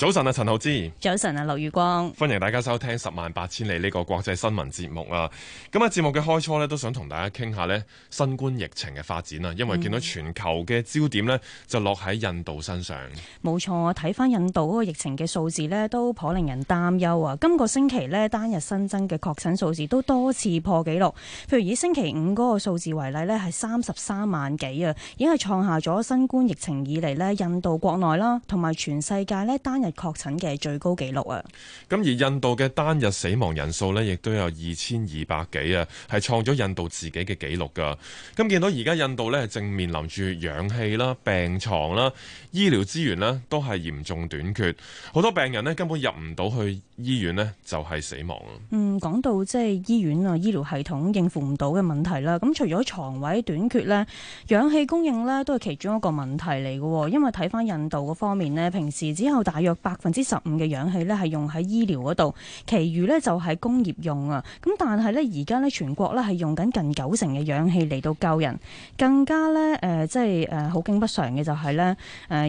早晨啊，陳浩之。早晨啊，劉宇光。歡迎大家收聽《十萬八千里》呢個國際新聞節目啊。今日節目嘅開初咧，都想同大家傾下咧新冠疫情嘅發展啊，因為見到全球嘅焦點咧，就落喺印度身上。嗯。冇錯，我睇翻印度嗰個疫情嘅數字咧，都頗令人擔憂啊。今個星期咧，單日新增嘅確診數字都多次破紀錄。譬如以星期五嗰個數字為例咧，係三十三萬幾啊，已經係創下咗新冠疫情以嚟咧印度國內啦，同埋全世界咧單日。確診嘅最高記錄啊！咁而印度嘅單日死亡人數呢，亦都有二千二百幾啊，係創咗印度自己嘅紀錄㗎。咁、啊、見到而家印度呢，正面臨住氧氣啦、病床啦、醫療資源呢，都係嚴重短缺。好多病人呢，根本入唔到去醫院呢，就係、是、死亡嗯，講到即係醫院啊、醫療系統應付唔到嘅問題啦、啊。咁除咗床位短缺呢，氧氣供應呢，都係其中一個問題嚟嘅、啊。因為睇翻印度嘅方面呢，平時只有大約百分之十五嘅氧氣咧係用喺醫療嗰度，其餘咧就係工業用啊。咁但係咧，而家咧全國咧係用緊近九成嘅氧氣嚟到救人。更加咧誒，即係誒好經不常嘅就係咧誒，而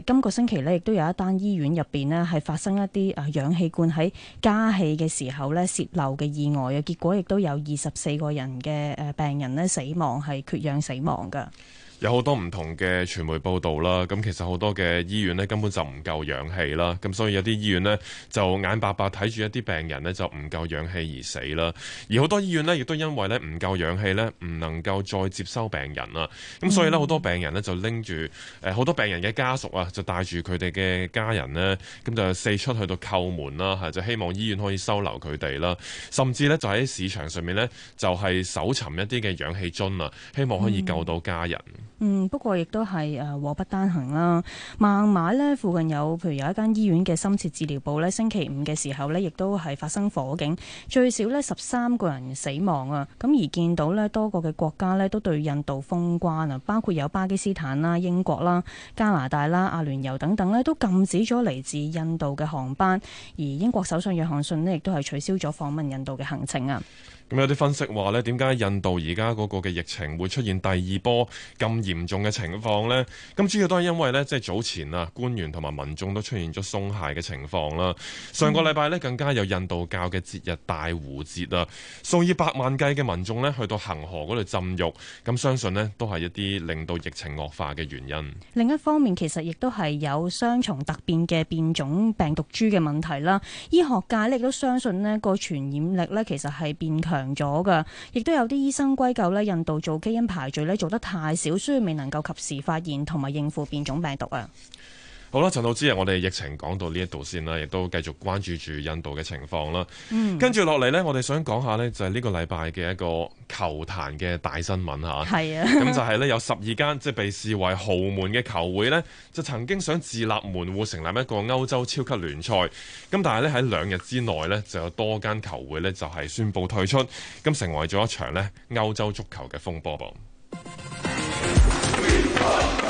誒今個星期咧亦都有一單醫院入邊呢係發生一啲誒氧氣罐喺加氣嘅時候咧洩漏嘅意外啊，結果亦都有二十四個人嘅誒病人咧死亡，係缺氧死亡㗎。嗯有好多唔同嘅傳媒報道啦，咁其實好多嘅醫院呢根本就唔夠氧氣啦，咁所以有啲醫院呢，就眼白白睇住一啲病人呢，就唔夠氧氣而死啦，而好多醫院呢，亦都因為呢唔夠氧氣呢，唔能夠再接收病人啦，咁所以呢，好多病人呢，就拎住誒好多病人嘅家屬啊，就帶住佢哋嘅家人呢，咁就四出去到叩門啦，就希望醫院可以收留佢哋啦，甚至呢，就喺市場上面呢，就係搜尋一啲嘅氧氣樽啊，希望可以救到家人。嗯，不過亦都係誒，禍不單行啦。孟買咧附近有，譬如有一間醫院嘅深切治療部咧，星期五嘅時候咧，亦都係發生火警，最少咧十三個人死亡啊。咁而見到咧，多個嘅國家咧都對印度封關啊，包括有巴基斯坦啦、英國啦、加拿大啦、阿聯酋等等咧，都禁止咗嚟自印度嘅航班。而英國首相約翰遜咧，亦都係取消咗訪問印度嘅行程啊。咁有啲分析話呢點解印度而家嗰個嘅疫情會出現第二波咁嚴重嘅情況呢？咁主要都係因為呢，即係早前啊，官員同埋民眾都出現咗鬆懈嘅情況啦。上個禮拜呢，更加有印度教嘅節日大湖節啊，數以百萬計嘅民眾呢去到恒河嗰度浸浴，咁相信呢，都係一啲令到疫情惡化嘅原因。另一方面，其實亦都係有雙重突變嘅變種病毒株嘅問題啦。醫學界亦都相信呢個傳染力呢，其實係變強。長咗噶，亦都有啲醫生歸咎咧，印度做基因排序咧做得太少，所以未能夠及時發現同埋應付變種病毒啊。好啦，陳導之啊，我哋疫情講到呢一度先啦，亦都繼續關注住印度嘅情況啦。嗯，跟住落嚟，呢，我哋想講下呢，就係呢個禮拜嘅一個球壇嘅大新聞吓。係啊，咁就係呢，有十二間即係被視為豪門嘅球會呢，就曾經想自立門戶成立一個歐洲超級聯賽，咁但係呢，喺兩日之內呢，就有多間球會呢，就係宣布退出，咁成為咗一場呢歐洲足球嘅風波噃。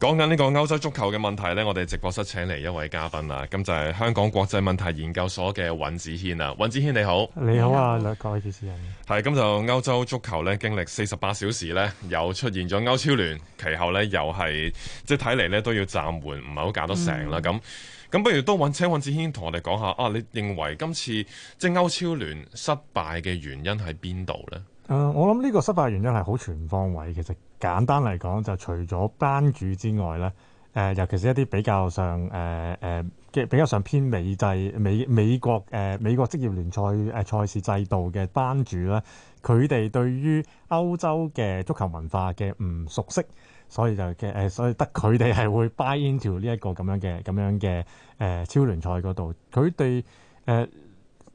講緊呢個歐洲足球嘅問題呢，我哋直播室請嚟一位嘉賓啦，咁就係香港國際問題研究所嘅尹子軒啦。尹子軒你好，你好啊，兩、嗯、位主持人。係。咁就歐洲足球呢，經歷四十八小時呢，又出現咗歐超聯，其後呢，又係即係睇嚟呢，都要暫緩，唔係好搞得成啦。咁咁、嗯，不如都請尹子軒同我哋講下啊，你認為今次即係歐超聯失敗嘅原因喺邊度呢？呃、我諗呢個失敗原因係好全方位，其實。簡單嚟講，就除咗班主之外咧，誒、呃，尤其是一啲比較上誒誒，即、呃、係、呃、比較上偏美制美美國誒、呃、美國職業聯賽誒賽事制度嘅班主咧，佢哋對於歐洲嘅足球文化嘅唔熟悉，所以就嘅誒、呃，所以得佢哋係會 buy into 呢一個咁樣嘅咁樣嘅誒、呃、超聯賽嗰度，佢哋誒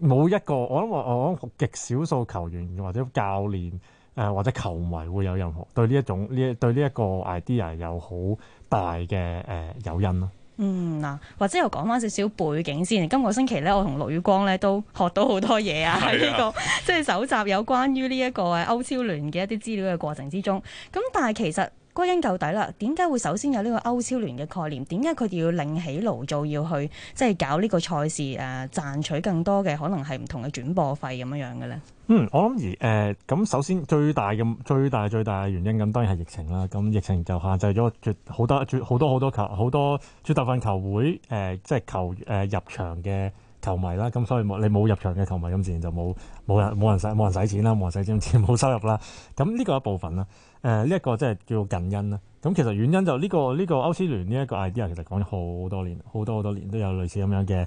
冇一個，我諗我諗極少數球員或者教練。誒、呃、或者球迷會有任何對呢一種呢對呢一個 idea 有好大嘅誒誘因咯？呃、嗯嗱，或者又講翻少少背景先。今個星期咧，我同陸宇光咧都學到好多嘢啊！喺呢是、啊這個即係搜集有關於呢一個誒歐超聯嘅一啲資料嘅過程之中。咁但係其實歸根究底啦，點解會首先有呢個歐超聯嘅概念？點解佢哋要另起爐灶，要去即係搞呢個賽事？誒、啊，賺取更多嘅可能係唔同嘅轉播費咁樣樣嘅咧。嗯，我諗而誒咁，首先最大嘅最大最大嘅原因咁，當然係疫情啦。咁疫情就限制咗絕好多絕好多好多球好多絕大部分球會誒、呃，即係球誒、呃、入場嘅球迷啦。咁所以你冇入場嘅球迷，咁自然就冇冇人冇人使冇人使錢啦，冇人使錢冇收入啦。咁呢個一部分啦。誒呢一個即係叫近因啦，咁、嗯、其實遠因就呢、呢個呢、呢個歐斯聯呢一個 idea 其實講咗好多年，好多好多年都有類似咁樣嘅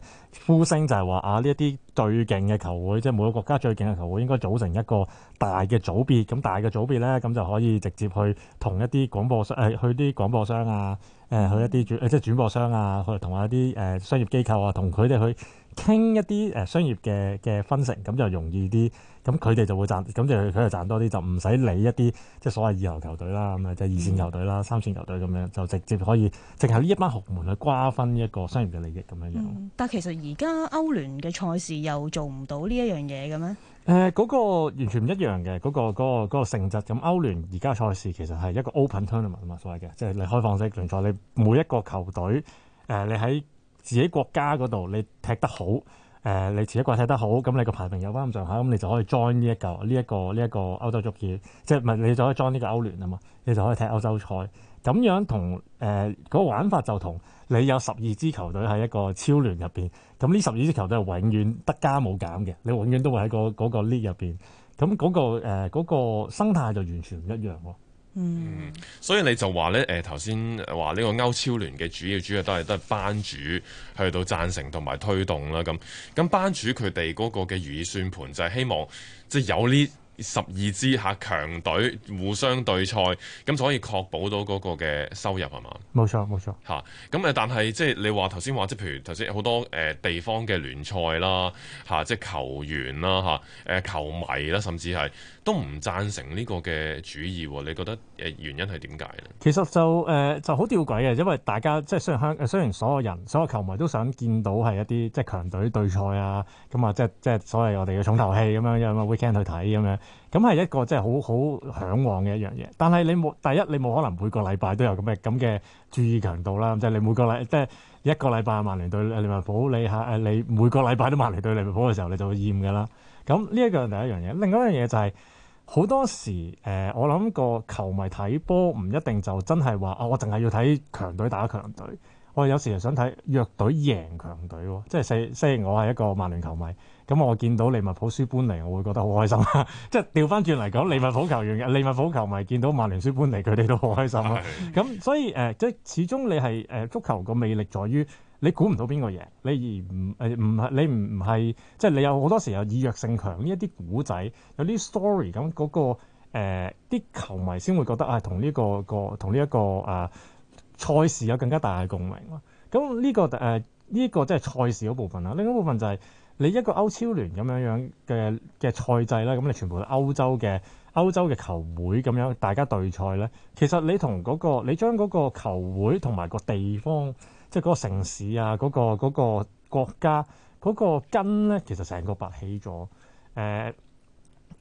呼聲，就係、是、話啊呢一啲最勁嘅球會，即係每個國家最勁嘅球會，應該組成一個大嘅組別，咁大嘅組別咧，咁就可以直接去同一啲廣播商誒、哎，去啲廣播商啊，誒、呃、去一啲轉即係轉播商啊，去同埋一啲誒、呃、商業機構啊，同佢哋去，傾一啲誒商業嘅嘅分成，咁就容易啲，咁佢哋就會賺，咁就佢就賺多啲，就唔使理一啲即係所謂二流球，球隊啦，咁啊就二線球隊啦、三線球隊咁樣，就直接可以淨係呢一班豪門去瓜分一個商業嘅利益咁樣樣、嗯。但其實而家歐聯嘅賽事又做唔到呢一樣嘢嘅咩？誒、呃，嗰、嗰個完全唔一樣嘅，嗰、嗰個嗰、嗰個、嗰個性質。咁歐聯而家賽事其實係一個 open tournament 啊嘛，所謂嘅，即係你開放式聯賽，你每一個球隊誒、呃，你喺自己國家嗰度你踢得好，誒、呃、你自己國踢得好，咁你個排名有翻咁上下，咁你就可以 join 呢、這、一嚿呢一個呢一、這個這個歐洲足協，即係唔係你就可以 join 呢個歐聯啊嘛，你就可以踢歐洲賽。咁樣同誒嗰個玩法就同你有十二支球隊喺一個超聯入邊，咁呢十二支球隊係永遠得加冇減嘅，你永遠都會喺、那個嗰、那個 league 入邊，咁、那、嗰個誒嗰、呃那個生態就完全唔一樣喎、哦。嗯，所以你就話咧，誒頭先話呢個歐超聯嘅主要主要都係都係班主去到贊成同埋推動啦，咁咁班主佢哋嗰個嘅如意算盤就係希望即係、就是、有呢。十二支嚇強隊互相對賽，咁所以確保到嗰個嘅收入係嘛？冇錯冇錯，嚇。咁誒、嗯，但係即係你話頭先話，即係譬如頭先好多誒地方嘅聯賽啦嚇，即係球員啦嚇，誒、啊呃、球迷啦，甚至係都唔贊成呢個嘅主意。你覺得誒原因係點解咧？其實就誒、呃、就好吊詭嘅，因為大家即係雖然香雖然所有人所有球迷都想見到係一啲即係強隊對賽啊，咁啊即係即係所謂我哋嘅重頭戲咁樣，有冇 weekend 去睇咁樣？咁係一個即係好好向往嘅一樣嘢，但係你冇第一，你冇可能每個禮拜都有咁嘅咁嘅注意強度啦。即係你每個禮即係一個禮拜曼聯對利物浦，你吓誒、呃，你每個禮拜都曼聯對利物浦嘅時候，你就會厭噶啦。咁呢一個係第一樣嘢，另一樣嘢就係好多時誒，我諗個球迷睇波唔一定就真係話啊，我淨係要睇強隊打強隊。我有時又想睇弱隊贏強隊喎，即係雖然我係一個曼聯球迷，咁我見到利物浦輸搬嚟，我會覺得好開心啊！ 即係調返轉嚟講，利物浦球員、利物浦球迷見到曼聯輸搬嚟，佢哋都好開心啊！咁 所以誒、呃，即係始終你係誒足球個魅力在於你估唔到邊個贏，你而唔誒唔係你唔唔係即係你有好多時候以弱勝強呢一啲古仔，有啲 story 咁嗰、那個啲、呃、球迷先會覺得啊，同、哎、呢、這個、這個同呢一個啊～、呃賽事有更加大嘅共鳴咯，咁呢、呢個誒呢、呃呢個即係賽事嗰部分啦。另一部分就係你一個歐超聯咁樣樣嘅嘅賽制啦，咁你全部歐洲嘅歐洲嘅球會咁樣大家對賽咧，其實你同嗰、嗰個你將嗰個球會同埋個地方，即係嗰個城市啊，嗰、嗰個嗰、嗰個、國家嗰、嗰個根咧，其實成個拔起咗誒，呃、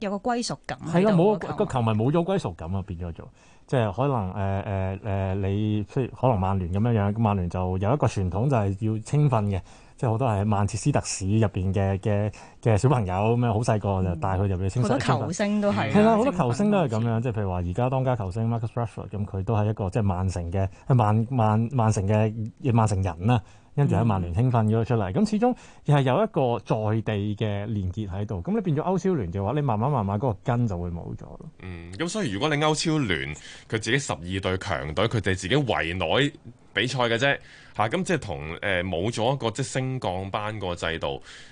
有個歸屬感。係啦、啊，冇個個球迷冇咗歸屬感啊，變咗做。即係可能誒誒誒，你譬如可能曼聯咁樣樣，曼聯就有一個傳統就係要青訓嘅，即係好多係曼徹斯特市入邊嘅嘅嘅小朋友咁樣，好細個就帶佢入去青訓。好多球星都係係啦，好多球星都係咁樣，即係譬如話而家當家球星 Marcus Rashford 咁、嗯，佢都係一個即係曼城嘅曼曼曼城嘅曼城人啦、啊。跟住喺曼聯興奮咗出嚟，咁始終又係有一個在地嘅連結喺度。咁你變咗歐超聯嘅話，你慢慢慢慢嗰個根就會冇咗咯。嗯，咁所以如果你歐超聯佢自己十二隊強隊，佢哋自己圍內比賽嘅啫嚇，咁、啊嗯、即係同誒冇咗一個即升降班個制度，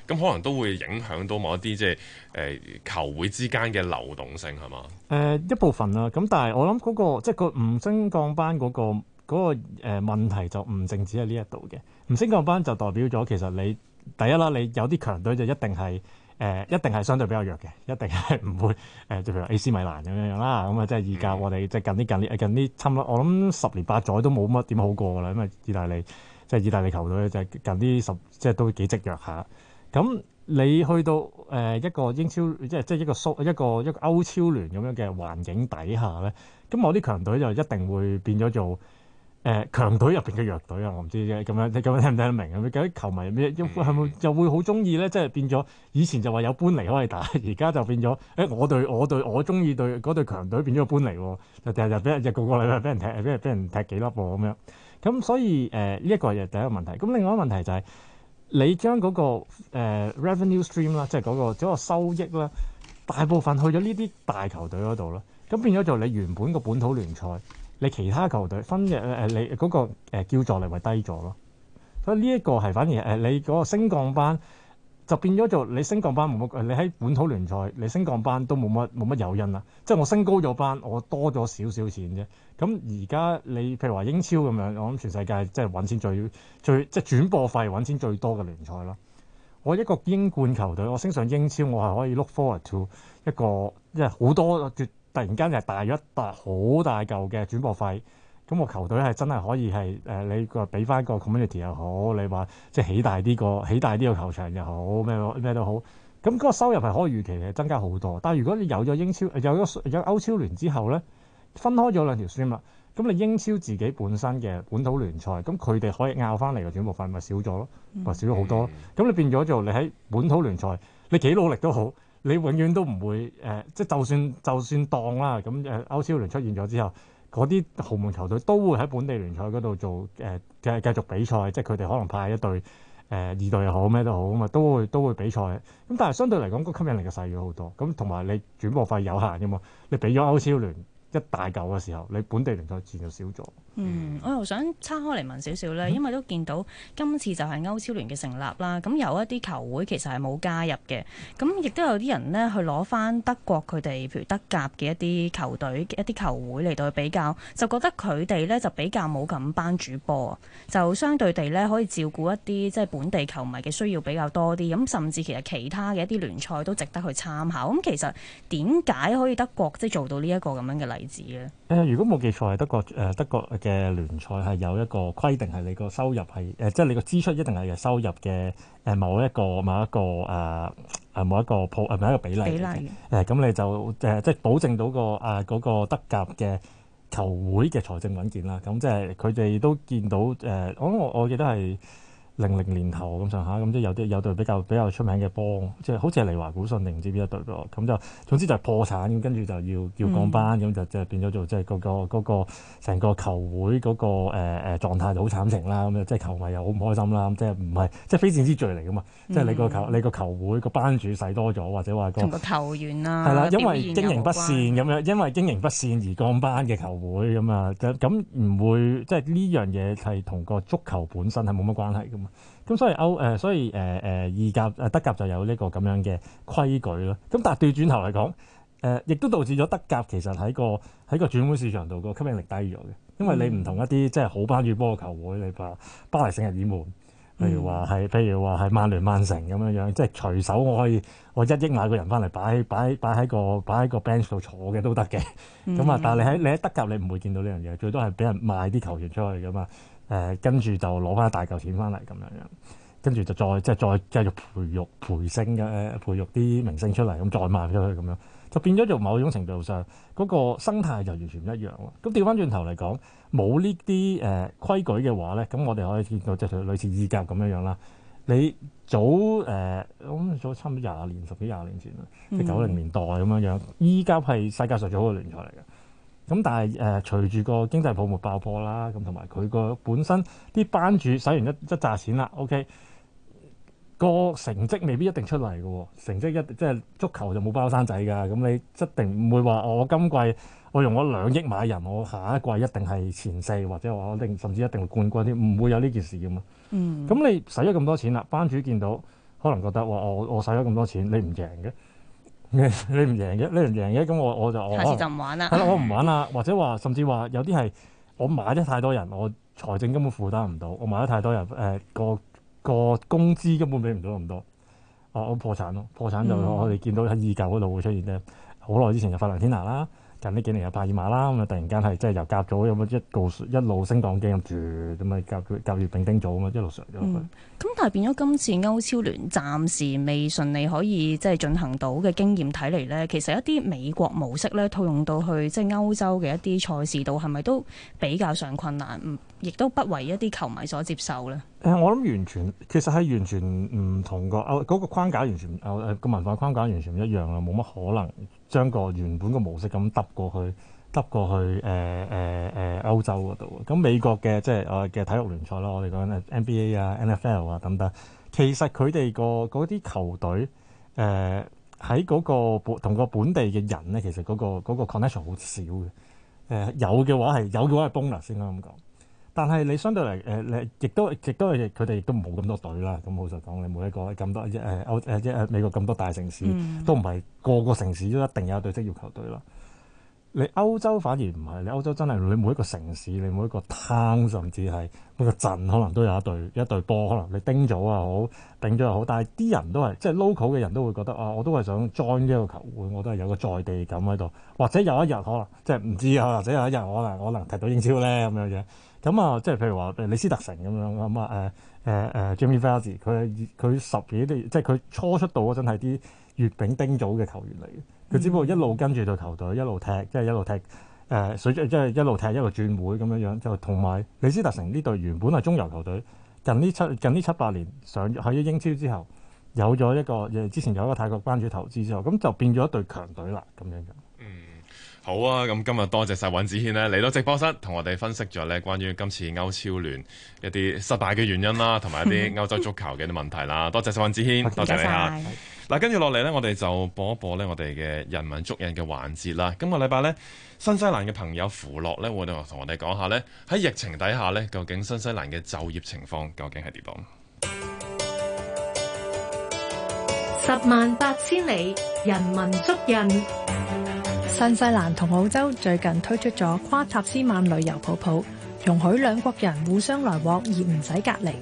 咁、嗯、可能都會影響到某一啲即係誒、呃、球會之間嘅流動性係嘛？誒、呃、一部分啦、啊，咁但係我諗嗰、嗰個即係、嗰個唔升降班嗰、嗰個嗰、嗰個誒問題就唔淨止喺呢一度嘅。唔升降班就代表咗，其實你第一啦，你有啲強隊就一定係誒、呃，一定係相對比較弱嘅，一定係唔會、呃、就譬如 A.C. 米蘭咁樣樣啦，咁、嗯、啊即係意甲，我哋即係近啲近啲近啲，差唔多我諗十年八載都冇乜點好過啦，因為意大利即係意大利球隊就係近啲十，即係都幾積弱下。咁、啊嗯、你去到誒、呃、一個英超，即係即係一個蘇一個一個歐超聯咁樣嘅環境底下咧，咁某啲強隊就一定會變咗做。誒強隊入邊嘅弱隊啊，我唔知啫咁樣，你咁樣聽唔聽得明啊？咁啲球迷咩，係咪就會好中意咧，即係變咗以前就話有搬嚟可以打，而家就變咗誒、欸、我隊我隊我中意隊嗰隊強隊變咗搬嚟喎，就日日俾人日個個禮拜俾人踢，俾人俾人踢幾粒喎咁樣。咁所以誒呢一個係第一個問題，咁另外一個問題就係、是、你將嗰、那個、呃、revenue stream 啦、那個，即係嗰個嗰個收益啦，大部分去咗呢啲大球隊嗰度啦，咁變咗做你原本個本土聯賽。你其他球隊分嘅、呃、你嗰個誒叫座率咪低咗咯？所以呢一個係反而誒、呃，你嗰個升降班就變咗做你升降班冇乜，你喺本土聯賽你升降班都冇乜冇乜誘因啦。即係我升高咗班，我多咗少少錢啫。咁而家你譬如話英超咁樣，我諗全世界即係揾錢最最即係、就是、轉播費揾錢最多嘅聯賽啦。我一個英冠球隊，我升上英超，我係可以 look forward to 一個即係好多決。突然間就係大咗一大好大嚿嘅轉播費，咁個球隊係真係可以係誒、呃，你話俾翻個 community 又好，你話即係起大啲個起大啲個球場又好，咩咩都好，咁嗰個收入係可以預期係增加好多。但係如果你有咗英超，有咗有，有歐超聯之後咧，分開咗兩條 stream 啦，咁你英超自己本身嘅本土聯賽，咁佢哋可以拗翻嚟嘅轉播費咪少咗咯，咪、嗯、少咗好多。咁你變咗做你喺本土聯賽，你幾努力都好。你永遠都唔會誒、呃，即係就算就算當啦、啊，咁、嗯、誒歐超聯出現咗之後，嗰啲豪門球隊都會喺本地聯賽嗰度做誒繼、呃、繼續比賽，即係佢哋可能派一隊誒、呃、二隊又好咩都好啊，都會都會比賽，咁但係相對嚟講，個吸引力就細咗好多，咁同埋你轉播費有限嘅嘛，你俾咗歐超聯。一大嚿嘅時候，你本地聯賽自然就少咗。嗯，我又想岔開嚟問少少啦，因為都見到今次就係歐超聯嘅成立啦。咁有一啲球會其實係冇加入嘅，咁亦都有啲人呢去攞翻德國佢哋，譬如德甲嘅一啲球隊嘅一啲球會嚟到去比較，就覺得佢哋呢就比較冇咁班主播就相對地呢可以照顧一啲即係本地球迷嘅需要比較多啲。咁甚至其實其他嘅一啲聯賽都值得去參考。咁其實點解可以德國即係、就是、做到呢一個咁樣嘅例？位置咧，誒如果冇記錯係德國誒、呃、德國嘅聯賽係有一個規定係你個收入係誒、呃，即係你個支出一定係收入嘅誒某一個某一個誒誒、呃、某一個普、呃某、呃、某一個比例嘅誒，咁、呃、你就誒、呃、即係保證到、嗰個誒嗰、啊嗰個、德甲嘅球會嘅財政穩健啦。咁即係佢哋都見到誒、呃，我我記得係。零零年，年頭咁上下，咁、嗯、即係有啲有隊比較比較出名嘅波，即係好似係利華古遜定唔知邊一隊咯。咁就總之就係破產，跟住就要要降班，咁、嗯嗯、就即係變咗做即係嗰個成、那個那個、個球會嗰、那個誒誒、呃、狀態就好慘情啦。咁、嗯、即係球迷又好唔開心啦。咁即係唔係即係非戰之罪嚟噶嘛？即係你個球你個球會個班主使多咗，或者話同、那個球員啦、啊，係啦，因為經營不善咁樣，有有因為經營不善而降班嘅球會咁啊，咁唔會即係呢樣嘢係同個足球本身係冇乜關係嘅。咁所以歐誒、呃，所以誒誒意甲誒德甲就有呢個咁樣嘅規矩咯。咁但係對轉頭嚟講，誒、呃、亦都導致咗德甲其實喺個喺個轉會市場度個吸引力低咗嘅。因為你唔同一啲、嗯、即係好攀住波嘅球會，你話巴黎聖日耳門，譬如話係譬如話係曼聯、曼城咁樣樣，即係隨手我可以我一億買個人翻嚟擺喺擺擺喺個擺喺個 bench 度坐嘅都得嘅。咁啊、嗯， 但係你喺你喺德甲你唔會見到呢樣嘢，最多係俾人賣啲球員出去噶嘛。誒跟住就攞翻一大嚿錢翻嚟咁樣樣，跟住就，就再即係再繼續培育培星嘅、呃、培育啲明星出嚟，咁再賣咗去咁樣，就變咗做某種程度上嗰、嗰個生態就完全唔一樣咯。咁調翻轉頭嚟講，冇呢啲誒規矩嘅話咧，咁我哋可以見到即係類似意甲咁樣樣啦。你早誒咁、呃、早差唔多廿年、十幾廿年前、嗯、即九零年代咁樣樣，意甲係世界上最好嘅聯賽嚟嘅。咁、嗯、但係誒、呃，隨住個經濟泡沫爆破啦，咁同埋佢個本身啲班主使完一一紮錢啦，OK，個成績未必一定出嚟嘅喎，成績一即係足球就冇包生仔㗎，咁你一定唔會話我今季我用咗兩億買人，我下一季一定係前四或者我定甚至一定會冠軍添，唔會有呢件事嘅嘛。嗯。咁你使咗咁多錢啦，班主見到可能覺得話我我使咗咁多錢，你唔贏嘅。 你唔贏嘅，你唔贏嘅，咁我我就我，下次就唔玩啦。係啦、 啊，我唔玩啦，或者話甚至話有啲係我買得太多人，我財政根本負擔唔到，我買得太多人，誒、呃、個個工資根本俾唔到咁多，我、啊、我破產咯，破產、嗯、破產就我哋見到喺二九嗰度會出現咧，好耐之前就費倫天拿啦。近呢幾年有帕爾馬啦，咁啊突然間係即係又夾咗有冇一度一路升檔嘅，住咁咪夾夾乙丙丁組咁啊一路上咁。咁、嗯、但係變咗今次歐超聯暫時未順利可以即係進行到嘅經驗睇嚟咧，其實一啲美國模式咧套用到去即係歐洲嘅一啲賽事度，係咪都比較上困難？亦都不為一啲球迷所接受咧。誒、呃，我諗完全其實係完全唔同個歐嗰個框架完全歐、呃、文化框架完全唔一樣啊，冇乜可能。將個原本個模式咁揼過去，揼過去誒誒誒歐洲嗰度。咁美國嘅即係誒嘅體育聯賽啦，我哋講緊 NBA 啊、NFL 啊等等。其實佢哋個嗰啲球隊誒喺嗰個同個本地嘅人咧，其實嗰、嗰個、嗰個、connection 好少嘅。誒、呃、有嘅話係有嘅話係 bonus 先啦。咁講。但係你相對嚟誒，你、呃、亦都亦都佢哋亦都冇咁多隊啦。咁好實講你每一個咁多誒、呃、歐誒誒美國咁多大城市、嗯、都唔係個個城市都一定有一隊職業球隊啦。你歐洲反而唔係，你歐洲真係，你每一個城市，你每一個灘甚至係每個鎮可能都有一隊一隊波，可能你丁組又好頂組又好。但係啲人都係即係 local 嘅人都會覺得啊，我都係想 join 呢個球會，我都係有個在地感喺度。或者有一日可能即係唔知啊，或者有一日可能可能踢到英超咧咁樣嘅。咁啊，即係譬如話李斯特城咁樣咁啊誒誒誒 Jamie Vardy 佢十幾年，即係佢初出道嗰陣係啲乙丙丁組嘅球員嚟嘅，佢只不過一路跟住隊球隊一路踢，即係一路踢誒，所以即係一路踢一路轉會咁樣樣，就同埋李斯特城呢隊原本係中游球隊，近呢七近呢七八年上咗英超之後，有咗一個之前有一個泰國關注投資之後，咁就變咗一隊強隊啦，咁樣嘅。好啊！咁今日多謝晒尹子軒呢嚟到直播室同我哋分析咗呢關於今次歐超聯一啲失敗嘅原因啦，同埋一啲歐洲足球嘅啲問題啦。 多謝晒尹子軒，謝謝多謝你啊！嗱的，跟住落嚟呢，我哋就播一播呢我哋嘅人文足印嘅環節啦。今個禮拜呢，新西蘭嘅朋友符樂呢會同我哋講下呢，喺疫情底下呢，究竟新西蘭嘅就業情況究竟係點樣？十萬八千里人文足印。嗯新西蘭同澳洲最近推出咗跨塔斯曼旅遊泡泡，容許兩國人互相來往而唔使隔離。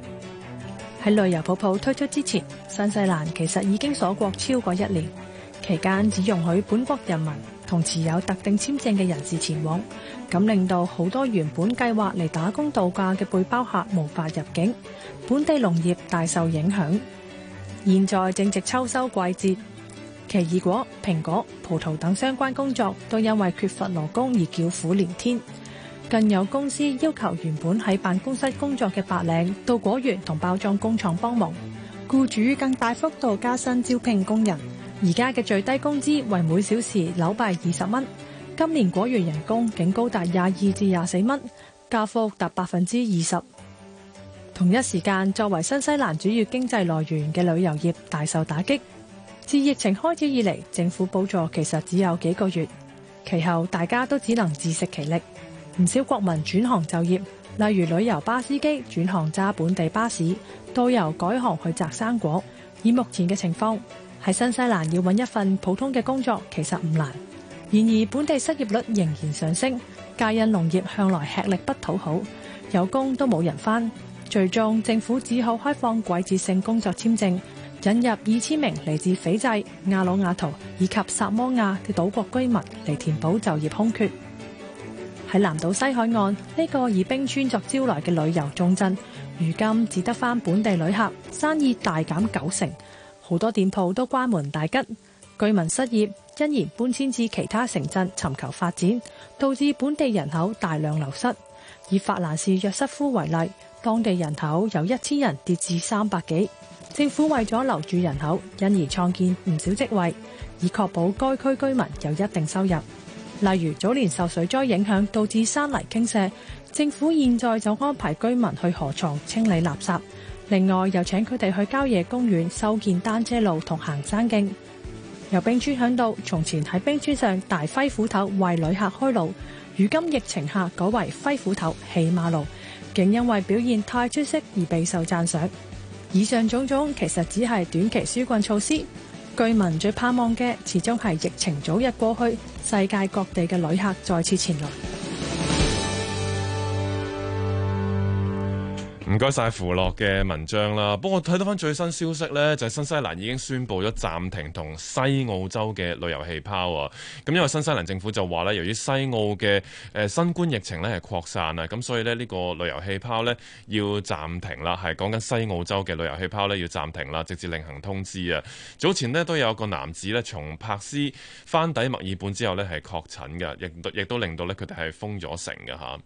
喺旅遊泡泡推出之前，新西蘭其實已經鎖國超過一年，期間只容許本國人民同持有特定簽證嘅人士前往，咁令到好多原本計劃嚟打工度假嘅背包客無法入境，本地農業大受影響。現在正值秋收季節。奇異果、蘋果、葡萄等相關工作都因為缺乏勞工而叫苦連天，更有公司要求原本喺辦公室工作嘅白領到果園同包裝工廠幫忙，僱主更大幅度加薪招聘工人。而家嘅最低工資為每小時紐幣二十蚊，今年果園人工竟高達廿二至廿四蚊，加幅達百分之二十。同一時間，作為新西蘭主要經濟來源嘅旅遊業大受打擊。自疫情開始以嚟，政府補助其實只有幾個月，其後大家都只能自食其力。唔少國民轉行就業，例如旅遊巴司機轉行揸本地巴士，導遊改行去摘生果。以目前嘅情況，喺新西蘭要揾一份普通嘅工作其實唔難。然而本地失業率仍然上升，皆因農業向來吃力不討好，有工都冇人返。最終政府只好開放季節性工作簽證。引入二千名嚟自斐濟、亞羅亞圖以及薩摩亞嘅島國居民嚟填補就業空缺。喺南島西海岸呢個以冰川作招徠嘅旅遊重鎮，如今只得翻本地旅客，生意大減九成，好多店鋪都關門大吉，居民失業，因而搬遷至其他城鎮尋求發展，導致本地人口大量流失。以法蘭士約瑟夫為例，當地人口由一千人跌至三百幾。政府為咗留住人口，因而創建唔少職位，以確保該區居民有一定收入。例如早年受水災影響，導致山泥傾瀉，政府現在就安排居民去河床清理垃圾。另外又請佢哋去郊野公園修建單車路同行山徑。遊冰川嚮導，從前喺冰川上大揮斧頭為旅客開路，如今疫情下改為揮斧頭起馬路，竟因為表現太出色而備受讚賞。以上種種其實只係短期紓困措施，居民最盼望嘅始終係疫情早日過去，世界各地嘅旅客再次前來。唔該晒符樂嘅文章啦，不過睇到翻最新消息呢，就係新西蘭已經宣布咗暫停同西澳洲嘅旅遊氣泡啊！咁因為新西蘭政府就話呢，由於西澳嘅誒新冠疫情呢係擴散啊，咁所以呢呢個旅遊氣泡呢要暫停啦，係講緊西澳洲嘅旅遊氣泡呢要暫停啦，直至另行通知啊！早前呢，都有個男子呢從柏斯翻抵墨爾本之後呢係確診嘅，亦都亦都令到呢佢哋係封咗城嘅吓。